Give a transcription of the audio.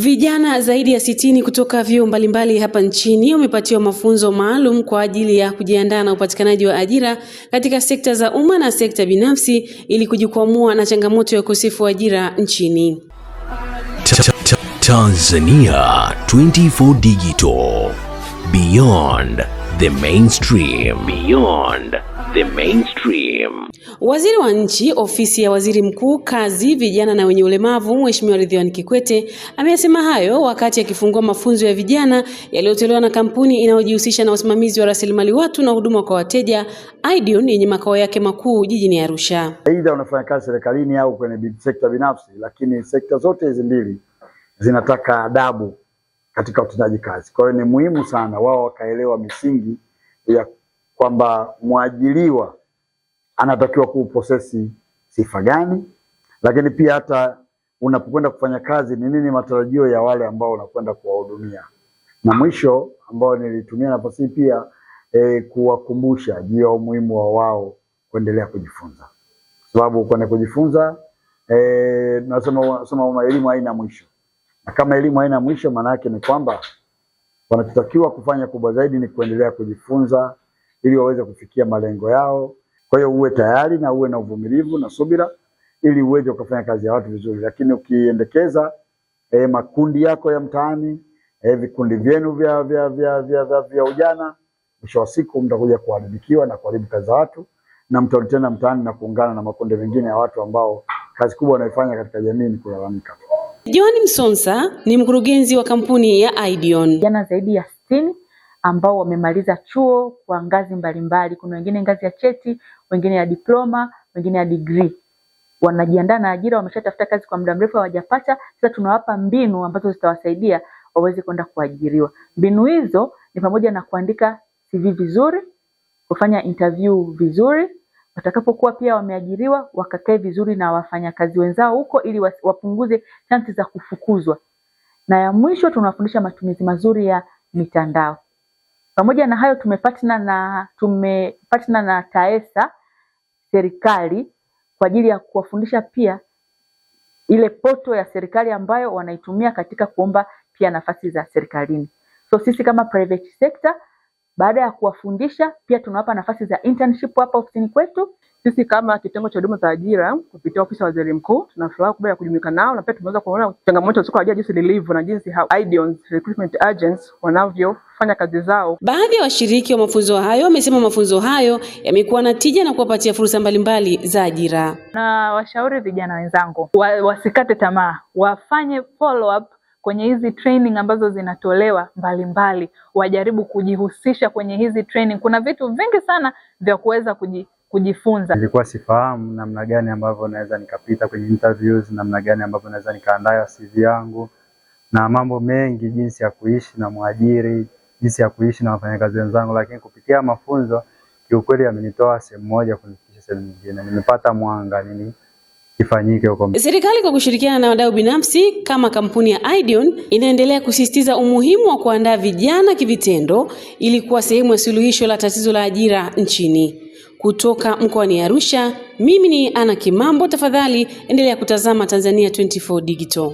Vijana zaidi ya sitini kutoka vyuo mbalimbali hapa nchini wamepatiwa mafunzo maalum kwa ajili ya kujiandaa na upatikanaji wa ajira katika sekta za umma na sekta binafsi ili kujikwamua na changamoto ya ukosefu wa ajira nchini. Tanzania 24 Digital. Beyond the mainstream. Beyond the mainstream. Waziri wa Nchi, Ofisi ya Waziri Mkuu, Kazi, Vijana na Wenye Ulemavu, Mheshimiwa Ridhiwani Kikwete ameyasema hayo wakati akifungua mafunzo ya vijana yaliyotolewa na kampuni inayojihusisha na usimamizi wa rasilimali watu na huduma kwa wateja Ideon yenye makao yake makuu jijini Arusha. Aidha, unafanya kazi serikalini au kwenye sekta binafsi, lakini sekta zote hizi mbili zinataka adabu katika utendaji kazi. Kwa hiyo ni muhimu sana wao wakaelewa misingi ya kwamba mwajiliwa anatakiwa kuuprosesi sifa gani, lakini pia hata unapokwenda kufanya kazi ni nini matarajio ya wale ambao unakwenda kuwahudumia, na mwisho ambao nilitumia nafasi hii pia e, kuwakumbusha juu ya umuhimu wa wao kuendelea kujifunza, sababu kwenda kujifunza e, nasema sema elimu haina mwisho, na kama elimu haina mwisho, maana yake ni kwamba wanachotakiwa kufanya kubwa zaidi ni kuendelea kujifunza ili waweze kufikia malengo yao. Kwa hiyo uwe tayari na uwe na uvumilivu na subira ili uweze ukafanya kazi ya watu vizuri, lakini ukiendekeza eh, makundi yako ya mtaani eh, vikundi vyenu vya vya vya vya, vya, vya ujana, mwisho wa siku mtakuja kuharibikiwa na kuharibu kazi za watu, na mtarudi tena mtaani na kuungana na makundi mengine ya watu ambao kazi kubwa wanaifanya katika jamii ni kulalamika. John Msonsa ni mkurugenzi wa kampuni ya Ideon. Jana zaidi ya sitini ambao wamemaliza chuo kwa ngazi mbalimbali. Kuna wengine ngazi ya cheti, wengine ya diploma, wengine ya degree. Wanajiandaa na ajira, wameshatafuta kazi kwa muda mrefu hawajapata. Sasa tunawapa mbinu ambazo zitawasaidia waweze kwenda kuajiriwa. Mbinu hizo ni pamoja na kuandika CV vizuri, kufanya interview vizuri, watakapokuwa pia wameajiriwa wakakae vizuri na wafanyakazi wenzao huko, ili wapunguze chansi za kufukuzwa. Na ya mwisho tunawafundisha matumizi mazuri ya mitandao. Pamoja na hayo tumepatana na tumepatana na TAESA serikali kwa ajili ya kuwafundisha pia ile poto ya serikali ambayo wanaitumia katika kuomba pia nafasi za serikalini. So sisi kama private sector baada ya kuwafundisha, pia tunawapa nafasi za internship hapa ofisini kwetu. Sisi kama kitengo cha huduma za ajira kupitia ofisi ya waziri mkuu tuna furaha kubwa ya kujumuika nao, na pia tumeweza kuona changamoto za soko la ajira jinsi lilivyo na jinsi IDONS, recruitment agents wanavyofanya kazi zao. Baadhi ya washiriki wa mafunzo hayo wamesema mafunzo hayo yamekuwa na tija na kuwapatia fursa mbalimbali za ajira. Na washauri vijana wenzangu wa, wasikate tamaa, wafanye follow up kwenye hizi training ambazo zinatolewa mbalimbali mbali, wajaribu kujihusisha kwenye hizi training. Kuna vitu vingi sana vya kuweza kuji, kujifunza. Nilikuwa sifahamu namna gani ambavyo naweza nikapita kwenye interviews, namna gani ambavyo naweza nikaandaa CV yangu na mambo mengi, jinsi ya kuishi na mwajiri, jinsi ya kuishi na wafanyakazi wenzangu, lakini kupitia mafunzo kiukweli amenitoa sehemu moja kunifikisha sehemu nyingine, nimepata mwanga nini ifanyike huko. Serikali kwa kushirikiana na wadau binafsi kama kampuni ya Ideon inaendelea kusisitiza umuhimu wa kuandaa vijana kivitendo ili kuwa sehemu ya suluhisho la tatizo la ajira nchini. Kutoka mkoani Arusha, mimi ni Ana Kimambo. Tafadhali endelea kutazama Tanzania 24 Digital.